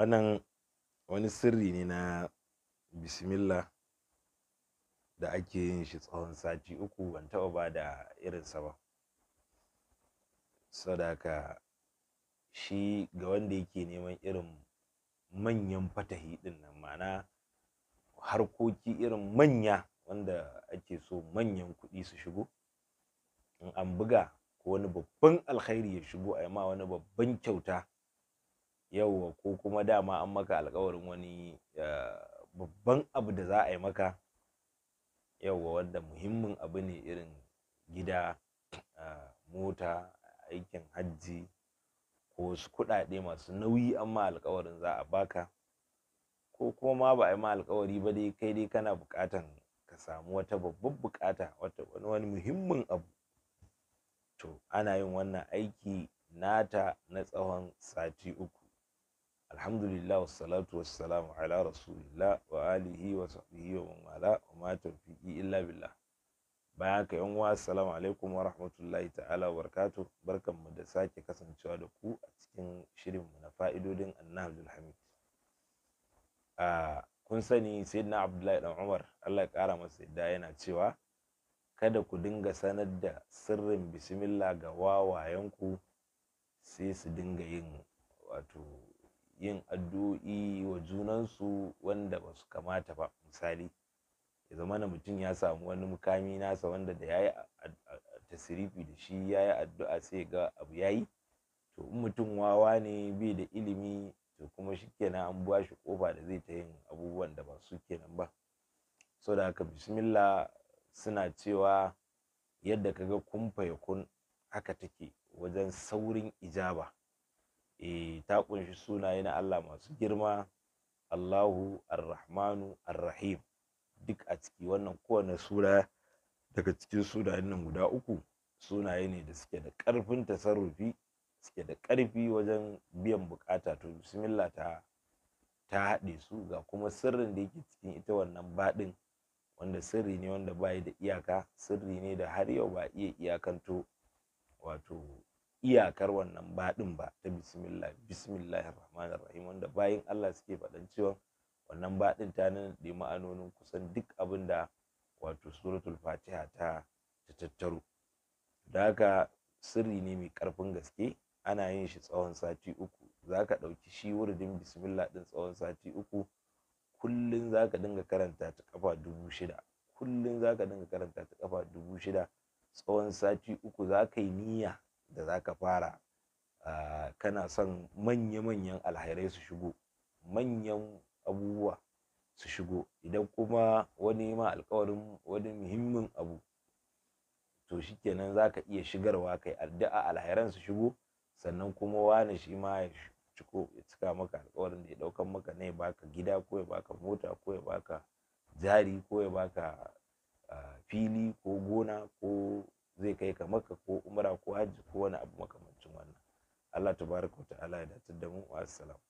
wannan wani sirri ne na bismillah da ake yin shi tsawon sati uku ban taɓa ba da irinsa ba saboda haka shi ga wanda yake neman irin manyan fatahi ɗin nan ma'ana harkoki irin manya wanda ake so manyan kuɗi su shigo in an buga ko wani babban alkhairi ya shigo a ma wani babban kyauta yauwa ko kuma dama an maka alkawarin wani eh, babban abu da za a yi maka yauwa wanda muhimmin abu ne irin gida eh, mota aikin hajji ko wasu kuɗaɗe masu nauyi an ma alkawarin za a baka ko kuma ma ba a yi ma alkawari ba dai kai dai kana buƙatan ka samu wata babbar buƙata wata wani muhimmin abu to ana yin wannan aiki nata na tsawon sati uku alhamdulillah wassalatu wassalamu ala rasulillah wa alihi wa sahbihi wa man wala wa ma tawfiqi illa billah bayan ka yan uwa assalamu alaikum wa rahmatullahi ta'ala wa barkan barkanmu da sake kasancewa da ku a cikin shirin mu na fa'idodin annahjul hamid a kun sani sayyidina abdullahi dan umar Allah ya kara masa yadda yana cewa kada ku dinga sanar da sirrin bismillah ga wawayenku sai su dinga yin wato yin addu'o'i wa junansu wanda ba su kamata ba misali ya zama na mutum ya samu wani mukami nasa wanda da ya yi tasirifi da shi ya yi addu'a sai ga abu ya yi to in mutum wawa ne bai da ilimi to kuma shi kenan an ba shi kofa da zai ta yin abubuwan da ba su kenan ba so da haka bismillah suna cewa yadda kaga kun ya kun haka take wajen saurin ijaba e ta kunshi sunaye na Allah masu girma Allahu Ar-Rahmanu Ar-Rahim duk a ciki wannan kowane sura daga cikin sunayen nan guda uku sunaye ne da suke da ƙarfin tasarrufi suke da ƙarfi wajen biyan buƙata to bismillah ta ta haɗe su ga kuma sirrin da yake cikin ita wannan baɗin wanda sirri ne wanda bayi da iyaka sirri ne da har yau ba iya iyakanto wato iyakar wannan baɗin ba bismillah bismillahir rahmanir rahim wanda bayin Allah suke faɗan cewa wannan baɗin ta nan da ma'anonin kusan duk abin da wato suratul fatiha ta ta tattaro da haka sirri ne mai karfin gaske ana yin shi tsawon sati uku za ka ɗauki shi wurdin bismillah din tsawon sati uku kullum za ka dinga karanta ta kafa dubu shida kullun zaka dinga karanta ta kafa dubu shida tsawon sati uku zaka yi niyya da za ka fara Ah, kana son manya-manyan alhairai su shigo manyan abubuwa su shigo idan kuma wani ma alkawarin wani muhimmin abu to shikenan za ka iya shigarwa kai addu'a alhairan su shigo sannan kuma wani shi ma ya ciko ya cika maka alkawarin da ya daukan maka na ne baka gida ko ya baka mota ko ya baka jari ko ya baka ah, fili ko gona ko zai kai ka maka ko السلامه